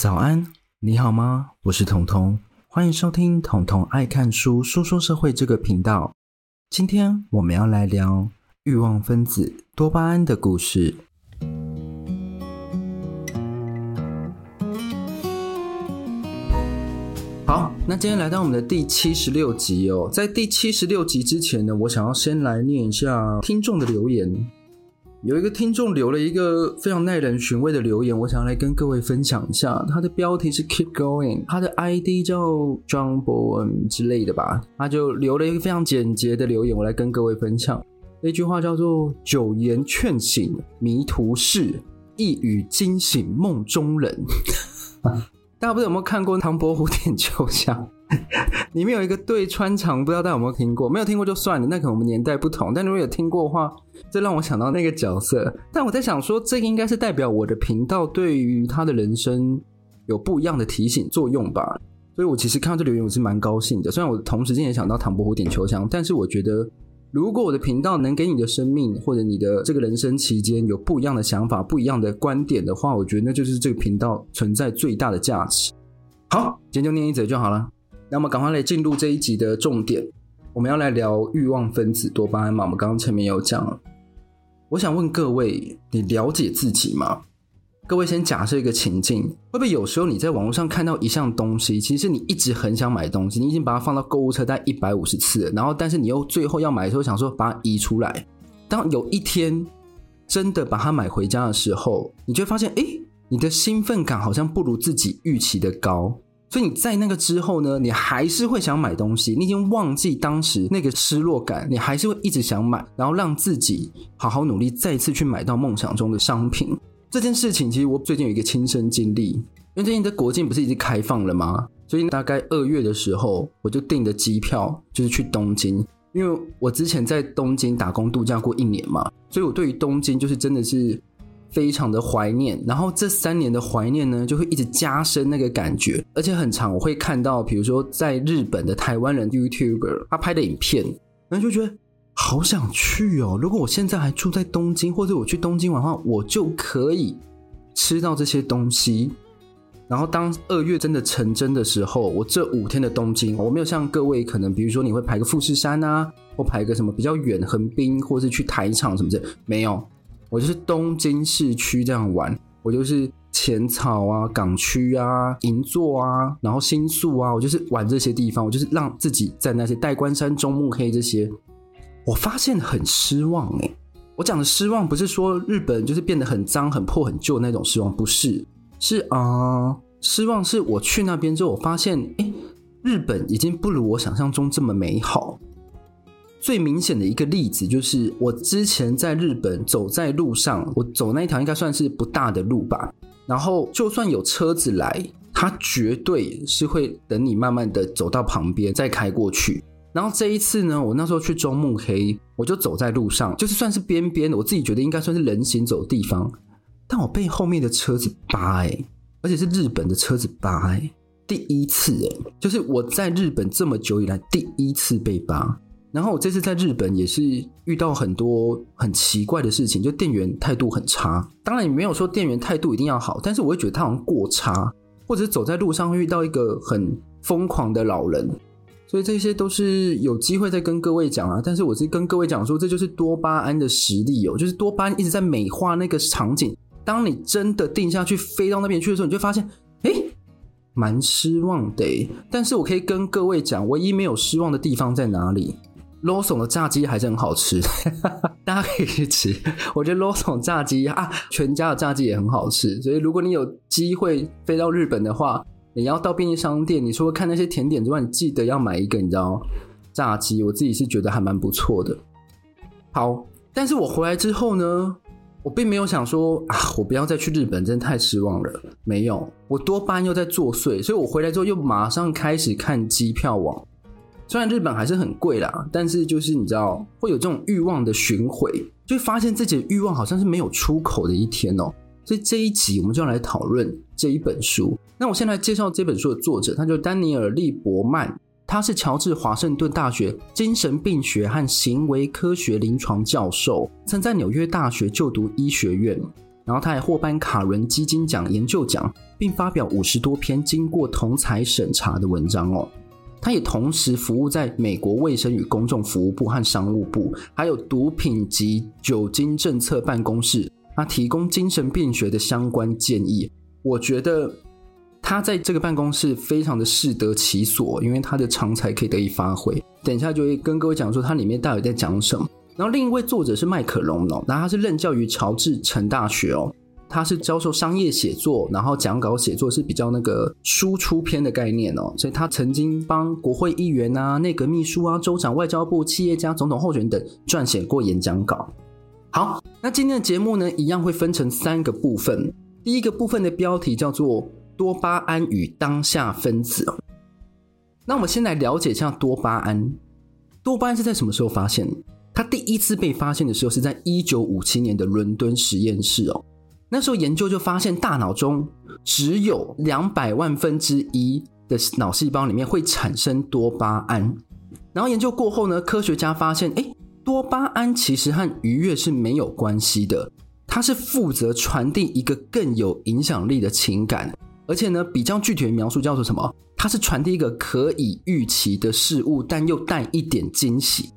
早安，你好嗎？我是統統，歡迎收聽《統統愛看書：書說社會》這個頻道。今天我們要來聊欲望分子多巴胺的故事。好，那今天來到我們的第七十六集哦。在第七十六集之前呢，我想要先來念一下聽眾的留言。有一個聽眾留了一個非常耐人尋味的留言，我想要來跟各位分享一下。他的標題是 Keep Going，他的 ID 叫 John Bowen 之類的吧。他就留了一個非常簡潔的留言，我來跟各位分享。那句話叫做“九言勸醒迷途事，一語驚醒夢中人”。 大家不知道有沒有看過唐伯虎點秋香？裡面 有一個對穿腸，不知道大家有沒有聽過？沒有聽過就算了，那可能我們年代不同。但如果有聽過的話，這讓我想到那個角色。但我在想說，這個應該是代表我的頻道對於他的人生有不一樣的提醒作用吧。所以我其實看到這留言，我是蠻高興的。雖然我同時間也想到唐伯虎點秋香，但是我覺得，如果我的頻道能給你的生命或者你的這個人生期間有不一樣的想法、不一樣的觀點的話，我覺得那就是這個頻道存在最大的價值。好，今天就念一則就好了。那麼，趕快來進入這一集的重點。我們要來聊慾望分子多巴胺嘛。我們剛剛前面有講，我想問各位：你了解自己嗎？各位先假設一個情境，會不會有時候你在網絡上看到一項東西，其實你一直很想買東西，你已經把它放到購物車帶一百五十次，然後但是你又最後要買的時候想說把它移出來。當有一天真的把它買回家的時候，你就會發現，哎，你的興奮感好像不如自己預期的高。所以你在那個之後呢，你還是會想買東西，你已經忘記當時那個失落感，你還是會一直想買，然後讓自己好好努力，再次去買到夢想中的商品。這件事情其實我最近有一個親身經歷，因為最近的國境不是已經開放了嗎？所以大概二月的時候，我就訂的機票，就是去東京，因為我之前在東京打工度假過一年嘛，所以我對於東京就是真的是。非常的懷念，然後這三年的懷念呢，就會一直加深那個感覺，而且很常我會看到，比如說在日本的台灣人 YouTuber 他拍的影片，然後就覺得好想去哦。如果我現在還住在東京，或者我去東京玩的話，我就可以吃到這些東西。然後當二月真的成真的時候，我這五天的東京，我沒有像各位可能，比如說你會排個富士山啊，或排個什麼比較遠橫濱，或是去台場什麼的，沒有。我就是東京市區這樣玩，我就是淺草啊、港區啊、銀座啊，然後新宿啊，我就是玩這些地方，我就是讓自己在那些代官山、中目黑這些，我發現很失望哎、欸。我講的失望不是說日本就是變得很髒、很破、很舊那種失望，不是，是啊，失望是我去那邊之後，我發現，哎、欸，日本已經不如我想象中這麼美好。最明顯的一個例子就是，我之前在日本走在路上，我走那條應該算是不大的路吧。然後就算有車子來，它絕對是會等你慢慢的走到旁邊再開過去。然後這一次呢，我那時候去中目黑，我就走在路上，就是算是邊邊，我自己覺得應該算是人行走的地方，但我被後面的車子叭哎，而且是日本的車子叭哎，第一次哎、欸，就是我在日本這麼久以來第一次被叭。然後我這次在日本也是遇到很多很奇怪的事情，就店員態度很差。當然你沒有說店員態度一定要好，但是我會覺得他好像過差。或者是走在路上會遇到一個很瘋狂的老人，所以這些都是有機會再跟各位講啊。但是我是跟各位講說，這就是多巴胺的實力哦，就是多巴胺一直在美化那個場景。當你真的定下去飛到那邊去的時候，你就發現，哎，蠻失望的。但是我可以跟各位講，唯一沒有失望的地方在哪裡？Lawson 的炸雞還是很好吃， 大家可以去吃。我覺得 Lawson 炸雞啊，全家的炸雞也很好吃。所以如果你有機會飛到日本的話，你要到便利商店，你除了看那些甜點之外，你記得要買一個，你知道嗎？炸雞，我自己是覺得還蠻不錯的。好，但是我回來之後呢，我並沒有想說啊，我不要再去日本，真的太失望了。沒有，我多巴胺又在作祟，所以我回來之後又馬上開始看機票網。雖然日本還是很貴啦，但是就是你知道會有這種慾望的循環，就會發現自己的慾望好像是沒有出口的一天哦。所以這一集我們就要來討論這一本書。那我先來介紹這本書的作者，他叫丹尼爾利伯曼，他是喬治華盛頓大學精神病學和行為科學臨床教授，曾在紐約大學就讀醫學院，然後他還獲頒卡倫基金獎研究獎，並發表五十多篇經過同儕審查的文章哦。他也同時服務在美國衛生與公眾服務部和商務部，還有毒品及酒精政策辦公室，他提供精神病學的相關建議。我覺得他在這個辦公室非常的適得其所，因為他的長才可以得以發揮。等一下就會跟各位講說它裡面到底在講什麼。然後另一位作者是麥可隆，哦，然後他是任教於喬治城大學哦。他是教授商業寫作，然後講稿寫作是比較那個輸出篇的概念哦，所以他曾經幫國會議員啊、內閣秘書啊、州長、外交部、企業家、總統候選人等撰寫過演講稿。好，那今天的節目呢，一樣會分成三個部分。第一個部分的標題叫做“多巴胺與當下分子”。那我們先來了解一下多巴胺。多巴胺是在什麼時候發現的？他第一次被發現的時候是在一九五七年的倫敦實驗室哦。那時候研究就發現，大腦中只有兩百萬分之一的腦細胞裡面會產生多巴胺。然後研究過後呢，科學家發現，誒，多巴胺其實和愉悅是沒有關係的，它是負責傳遞一個更有影響力的情感。而且呢，比較具體的描述叫做什麼？它是傳遞一個可以預期的事物，但又帶一點驚喜。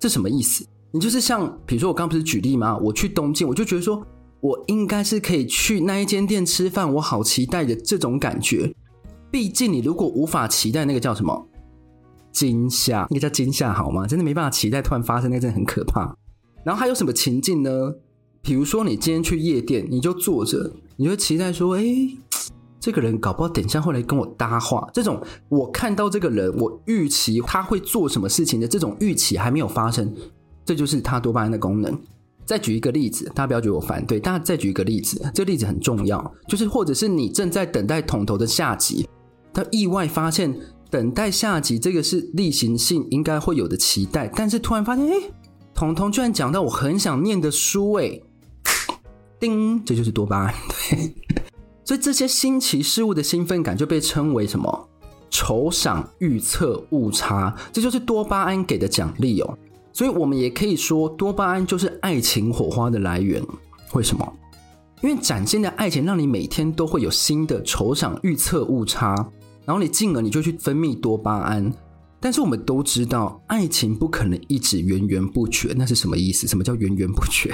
這什麼意思？你就是像，比如說我剛剛不是舉例嗎？我去東京，我就覺得說。我應該是可以去那一間店吃飯，我好期待的這種感覺。畢竟你如果無法期待，那個叫什麼驚嚇，那個叫驚嚇，好嗎？真的沒辦法期待，突然發生那個真的很可怕。然後還有什麼情境呢？比如說你今天去夜店，你就坐着，你就期待說：“誒，這個人搞不好等一下會來跟我搭話。”這種我看到這個人，我預期他會做什麼事情的這種預期還沒有發生，這就是他多巴胺的功能。再舉一個例子，大家不要覺得我反對。大家再舉一個例子，這個例子很重要，就是或者是你正在等待統統的下集，他意外發現等待下集這個是例行性應該會有的期待，但是突然發現，哎、欸，統統居然講到我很想念的書、欸，哎，叮，這就是多巴胺，對。所以這些新奇事物的興奮感就被稱為什麼？酬賞預測誤差，這就是多巴胺給的獎勵哦。所以我們也可以說，多巴胺就是愛情火花的來源。為什麼？因為嶄新的愛情讓你每天都會有新的酬賞預測誤差，然後你進而你就去分泌多巴胺。但是我們都知道，愛情不可能一直源源不絕。那是什麼意思？什麼叫源源不絕？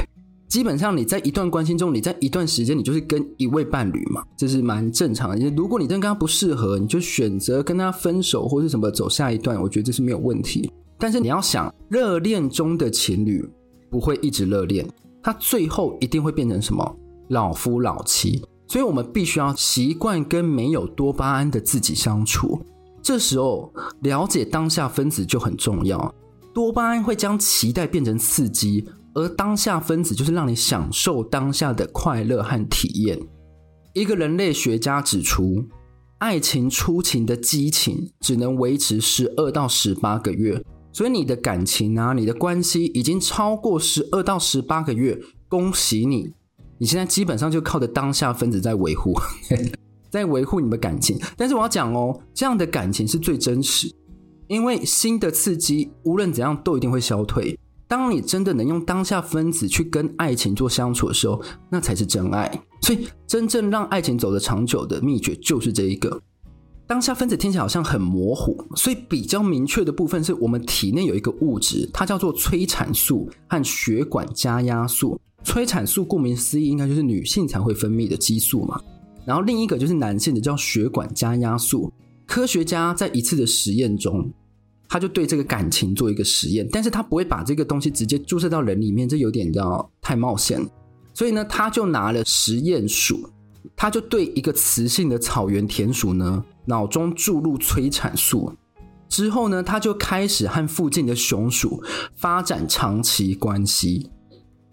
基本上你在一段關係中，你在一段時間，你就是跟一位伴侶嘛，這是蠻正常的。如果你真的跟他不適合，你就選擇跟他分手或是什麼走下一段，我覺得這是沒有問題。但是你要想，熱戀中的情侶不會一直熱戀，他最後一定會變成什麼？老夫老妻。所以，我們必須要習慣跟沒有多巴胺的自己相處。這時候，了解當下分子就很重要。多巴胺會將期待變成刺激，而當下分子就是讓你享受當下的快樂和體驗。一個人類學家指出，愛情初情的激情只能維持十二到十八個月。所以你的感情啊，你的關係已經超過十二到十八個月，恭喜你！你現在基本上就靠着當下分子在維護，在維護你們感情。但是我要講哦，這樣的感情是最真實，因為新的刺激無論怎樣都一定會消退。當你真的能用當下分子去跟愛情做相處的時候，那才是真愛。所以真正讓愛情走得長久的秘訣就是這一個。當下分子聽起來好像很模糊，所以比較明確的部分是我們體內有一個物質，它叫做催產素和血管加壓素。催產素顧名思義，應該就是女性才會分泌的激素嘛。然後另一個就是男性的叫血管加壓素。科學家在一次的實驗中，他就對這個感情做一個實驗，但是他不會把這個東西直接注射到人裡面，這有點叫太冒險。所以呢，他就拿了實驗鼠，他就對一個雌性的草原田鼠呢。腦中注入催產素之後呢，他就開始和附近的雄鼠發展長期關係。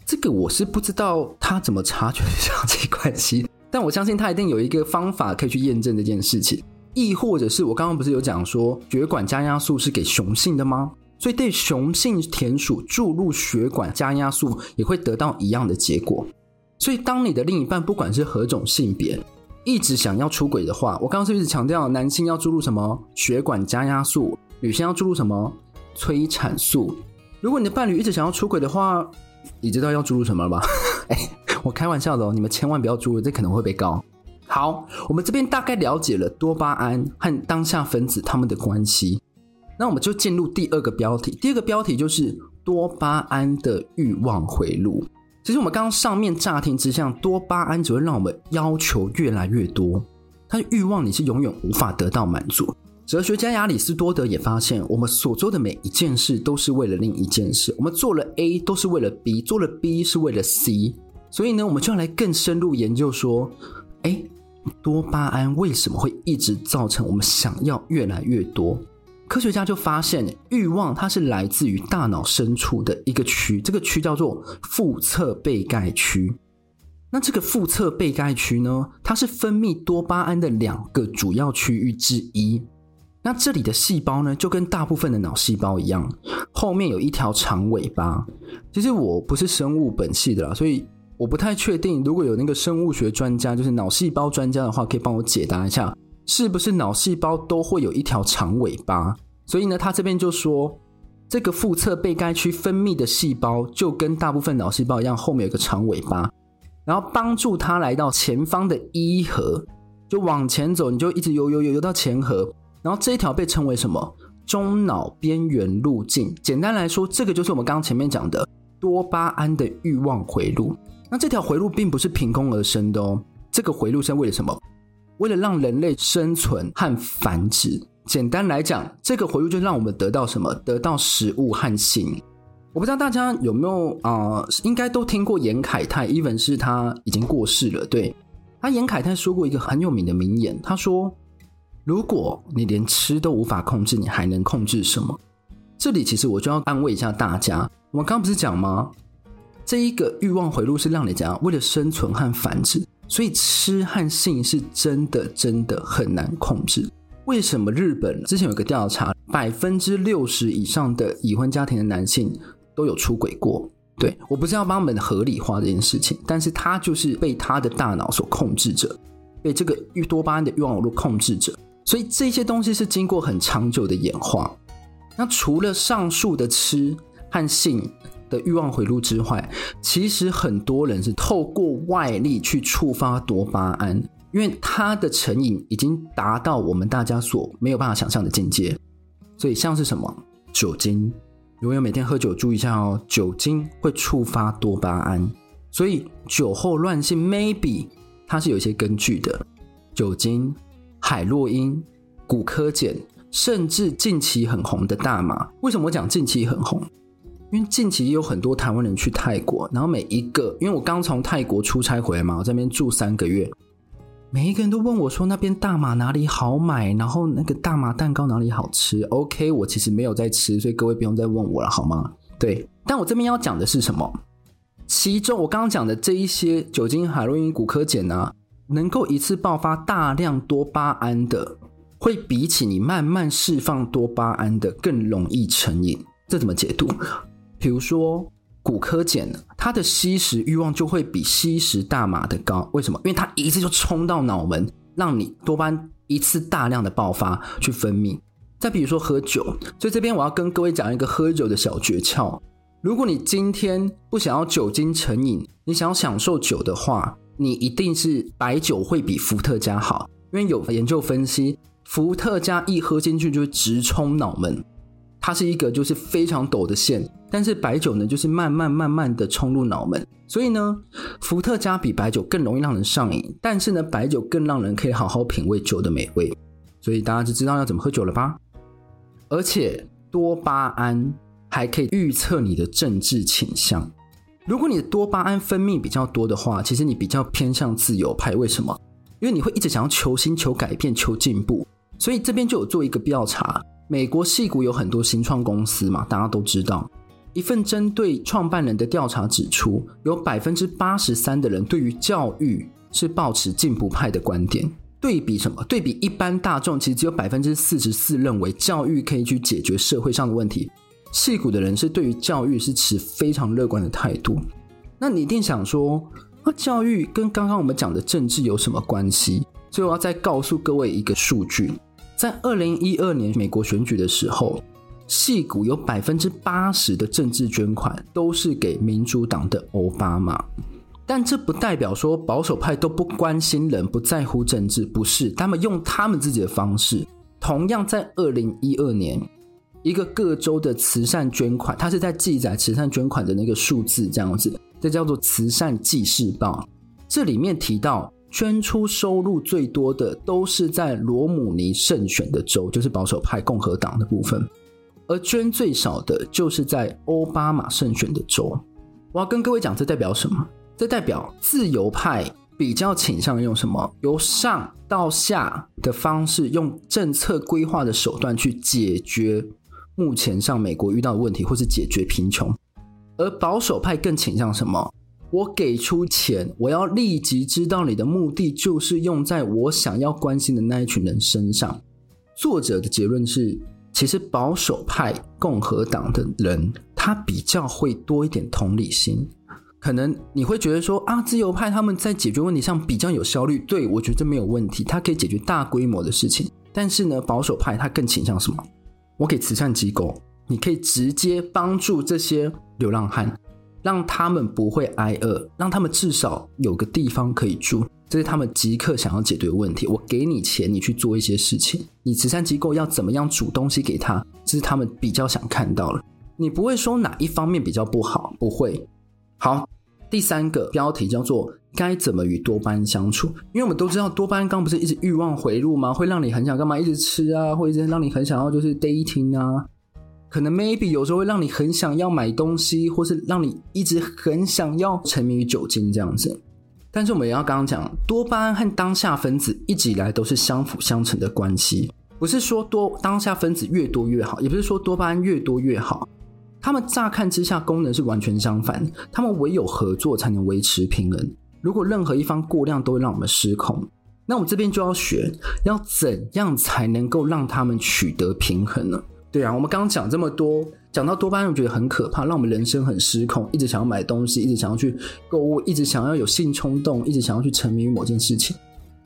這個我是不知道他怎麼察覺的長期關係，但我相信他一定有一個方法可以去驗證這件事情。亦或者是我剛剛不是有講說，血管加壓素是給雄性的嗎？所以對雄性田鼠注入血管加壓素也會得到一樣的結果。所以當你的另一半不管是何種性別，一直想要出軌的話，我剛剛是一直強調男性要注入什麼血管加壓素，女性要注入什麼催產素。如果你的伴侶一直想要出軌的話，你知道要注入什麼了吧？ 欸，我開玩笑的哦，你們千萬不要注入，這可能會被告。好，我們這邊大概了解了多巴胺和當下分子他們的關係，那我們就進入第二個標題。第二個標題就是多巴胺的欲望回路。其實我們剛剛上面乍聽之下，多巴胺只會讓我們要求越來越多，它的慾望你是永遠無法得到滿足。哲學家亞里斯多德也發現，我們所做的每一件事都是為了另一件事，我們做了 A 都是為了 B，做了 B 是為了 C。所以呢，我們就要來更深入研究說誒，多巴胺為什麼會一直造成我們想要越來越多？科學家就發現，慾望它是來自於大腦深處的一個區，這個區叫做腹側被蓋區。那這個腹側被蓋區呢，它是分泌多巴胺的兩個主要區域之一。那這裡的細胞呢，就跟大部分的腦細胞一樣，後面有一條長尾巴。其實我不是生物本系的啦，所以我不太確定，如果有那個生物學專家，就是腦細胞專家的話，可以幫我解答一下。是不是腦細胞都會有一條長尾巴？所以呢，他這邊就說，這個腹側被蓋區分泌的細胞就跟大部分腦細胞一樣，後面有個長尾巴，然後幫助它來到前方的一核，就往前走，你就一直游游游游到前核，然後這一條被稱為什麼？中腦邊緣路徑。簡單來說，這個就是我們剛剛前面講的多巴胺的慾望迴路。那這條迴路並不是憑空而生的哦，這個迴路是為了什麼？為了讓人類生存和繁殖，簡單來講，這個回路就讓我們得到什麼？得到食物和性。我不知道大家有沒有啊、呃，應該都聽過嚴凱泰，even 是他已經過世了。對，他嚴凱泰說過一個很有名的名言，他說：“如果你連吃都無法控制，你還能控制什麼？”這裡其實我就要安慰一下大家，我們剛剛不是講嗎？這一個慾望回路是讓你講，為了生存和繁殖。所以吃和性是真的真的很難控制。為什麼日本之前有個調查60，百分之六十以上的已婚家庭的男性都有出軌過？對，我不是要幫他們合理化這件事情，但是他就是被他的大腦所控制着，被這個欲多巴胺的欲望網絡控制着。所以這些東西是經過很長久的演化。那除了上述的吃和性，慾望迴路之外，其實很多人是透過外力去觸發多巴胺，因為它的成癮已經達到我們大家所沒有辦法想象的境界。所以像是什麼酒精，如果有每天喝酒，注意一下哦，酒精會觸發多巴胺，所以酒後亂性，maybe 它是有一些根據的。酒精、海洛因、古柯鹼，甚至近期很紅的大麻，為什麼我講近期很紅？因為近期有很多台灣人去泰國，然後每一個，因為我剛從泰國出差回來嘛，我在那邊住三個月，每一個人都問我說那邊大麻哪裡好買，然後那個大麻蛋糕哪裡好吃？OK，我其實沒有在吃，所以各位不用再問我了，好嗎？對，但我這邊要講的是什麼？其中我剛剛講的這一些酒精、海洛因、古柯鹼呢，啊，能夠一次爆發大量多巴胺的，會比起你慢慢釋放多巴胺的更容易成癮，這怎麼解讀？比如說，古柯鹼，它的吸食欲望就會比吸食大麻的高。為什麼？因為它一次就衝到腦門，讓你多巴胺一次大量的爆發去分泌。再比如說喝酒，所以這邊我要跟各位講一個喝酒的小訣竅：如果你今天不想要酒精成癮，你想要享受酒的話，你一定是白酒會比伏特加好，因為有研究分析，伏特加一喝進去就直衝腦門。它是一個就是非常陡的線，但是白酒呢，就是慢慢慢慢的衝入腦門，所以呢，伏特加比白酒更容易讓人上癮，但是呢，白酒更讓人可以好好品味酒的美味，所以大家就知道要怎麼喝酒了吧。而且多巴胺還可以預測你的政治傾向，如果你的多巴胺分泌比較多的話，其實你比較偏向自由派。為什麼？因為你會一直想要求新、求改變、求進步，所以這邊就有做一個調查。美國矽谷有很多新創公司嘛，大家都知道。一份針對創辦人的調查指出，有百分之八十三的人對於教育是抱持進步派的觀點。對比什麼？對比一般大眾，其實只有百分之四十四認為教育可以去解決社會上的問題。矽谷的人是對於教育是持非常樂觀的態度。那你一定想說，教育跟剛剛我們講的政治有什麼關係？所以我要再告訴各位一個數據。在二零一二年美國選舉的時候，矽谷有百分之八十的政治捐款都是給民主黨的奧巴馬，但這不代表說保守派都不關心人、不在乎政治，不是，他們用他們自己的方式。同樣在二零一二年，一個各州的慈善捐款，它是在記載慈善捐款的那個數字，這樣子，這叫做慈善紀事報，這裡面提到。捐出收入最多的都是在羅姆尼勝選的州，就是保守派共和黨的部分；而捐最少的就是在奧巴馬勝選的州。我要跟各位講，這代表什麼？這代表自由派比較傾向用什麼？由上到下的方式，用政策規劃的手段去解決目前上美國遇到的問題，或是解決貧窮。而保守派更傾向什麼？我給出錢，我要立即知道你的目的就是用在我想要關心的那一群人身上。作者的結論是，其實保守派共和黨的人他比較會多一點同理心。可能你會覺得說啊，自由派他們在解決問題上比較有效率。對，我覺得這沒有問題，他可以解決大規模的事情。但是呢，保守派他更傾向什麼？我給慈善機構，你可以直接幫助這些流浪漢。讓他們不會挨餓，讓他們至少有個地方可以住，這是他們即刻想要解決的問題。我給你錢，你去做一些事情。你慈善機構要怎麼樣煮東西給他？這是他們比較想看到的。你不會說哪一方面比較不好，不會。好，第三個標題叫做該怎麼與多巴胺相處，因為我們都知道多巴胺剛剛不是一直欲望回路嗎？會讓你很想幹嘛？一直吃啊，或者讓你很想要就是 dating 啊。可能 maybe 有時候會讓你很想要買東西，或是讓你一直很想要沉迷於酒精這樣子。但是我們也要剛剛講，多巴胺和當下分子一直以來都是相輔相成的關係，不是說多，當下分子越多越好，也不是說多巴胺越多越好。他們乍看之下功能是完全相反，他們唯有合作才能維持平衡。如果任何一方過量，都會讓我們失控。那我們這邊就要學，要怎樣才能夠讓他們取得平衡呢？對啊，我們剛剛講這麼多，講到多巴胺，我覺得很可怕，讓我們人生很失控，一直想要買東西，一直想要去購物，一直想要有性衝動，一直想要去沉迷於某件事情。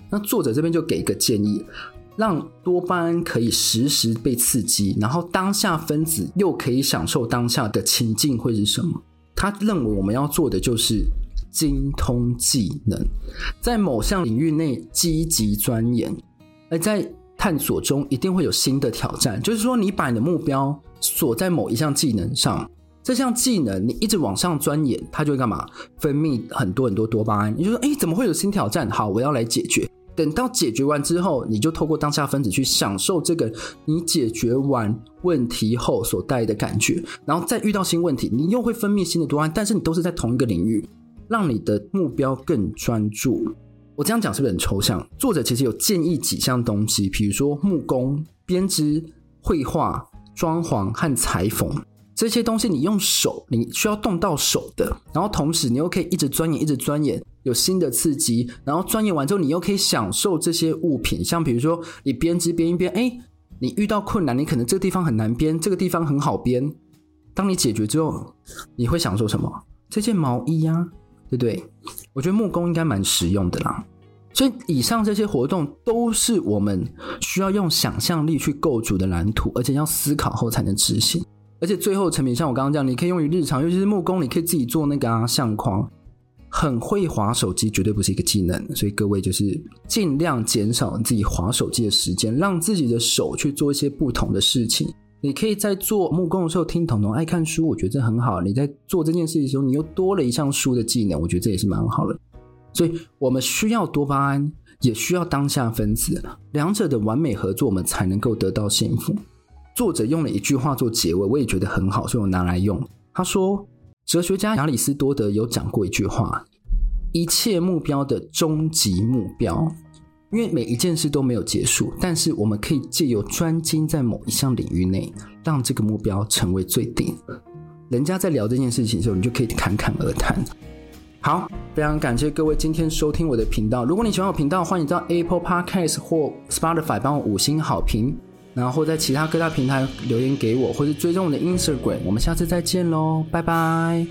那作者這邊就給一個建議，讓多巴胺可以時時被刺激，然後當下分子又可以享受當下的情境會是什麼？他認為我們要做的就是精通技能，在某項領域內積極鑽研，而在探索中一定會有新的挑戰，就是說，你把你的目標鎖在某一項技能上，這項技能你一直往上鑽研，它就會幹嘛分泌，很多很多多巴胺。你就說，哎，怎麼會有新挑戰？好，我要來解決。等到解決完之後，你就透過當下分子去享受這個你解決完問題後所帶來的感覺。然後再遇到新問題，你又會分泌新的多巴胺，但是你都是在同一個領域，讓你的目標更專注。我這樣講是不是很抽象？作者其實有建議幾項東西，比如說木工、編織、繪畫、裝潢和裁縫這些東西，你用手，你需要動到手的。然後同時，你又可以一直鑽研，一直鑽研，有新的刺激。然後鑽研完之後，你又可以享受這些物品，像比如說你編織編一編，哎，你遇到困難，你可能這個地方很難編，這個地方很好編。當你解決之後，你會享受什麼？這件毛衣呀，啊，對不對？我覺得木工應該蠻實用的啦。所以以上這些活動都是我們需要用想象力去構築的藍圖，而且要思考後才能執行。而且最後成品像我剛剛講，你可以用於日常，尤其是木工，你可以自己做那個、啊、相框。很會滑手機絕對不是一個技能，所以各位就是盡量減少自己滑手機的時間，讓自己的手去做一些不同的事情。你可以在做木工的時候聽統統愛看書，我覺得這很好。你在做這件事的時候，你又多了一項書的技能，我覺得這也是蠻好的。所以我們需要多巴胺，也需要當下分子，兩者的完美合作，我們才能夠得到幸福。作者用了一句話做結尾，我也覺得很好，所以我拿來用。他說，哲學家亞里斯多德有講過一句話：一切目標的終極目標，因為每一件事都沒有結束，但是我們可以借由專精在某一項領域內，讓這個目標成為最頂。人家在聊這件事情的時候，你就可以侃侃而談。好，非常感謝各位今天收聽我的頻道。如果你喜歡我頻道，歡迎你到 Apple Podcast 或 Spotify 幫我五星好評，然後在其他各大平台留言給我，或是追蹤我的 Instagram。我們下次再見嘍，拜拜。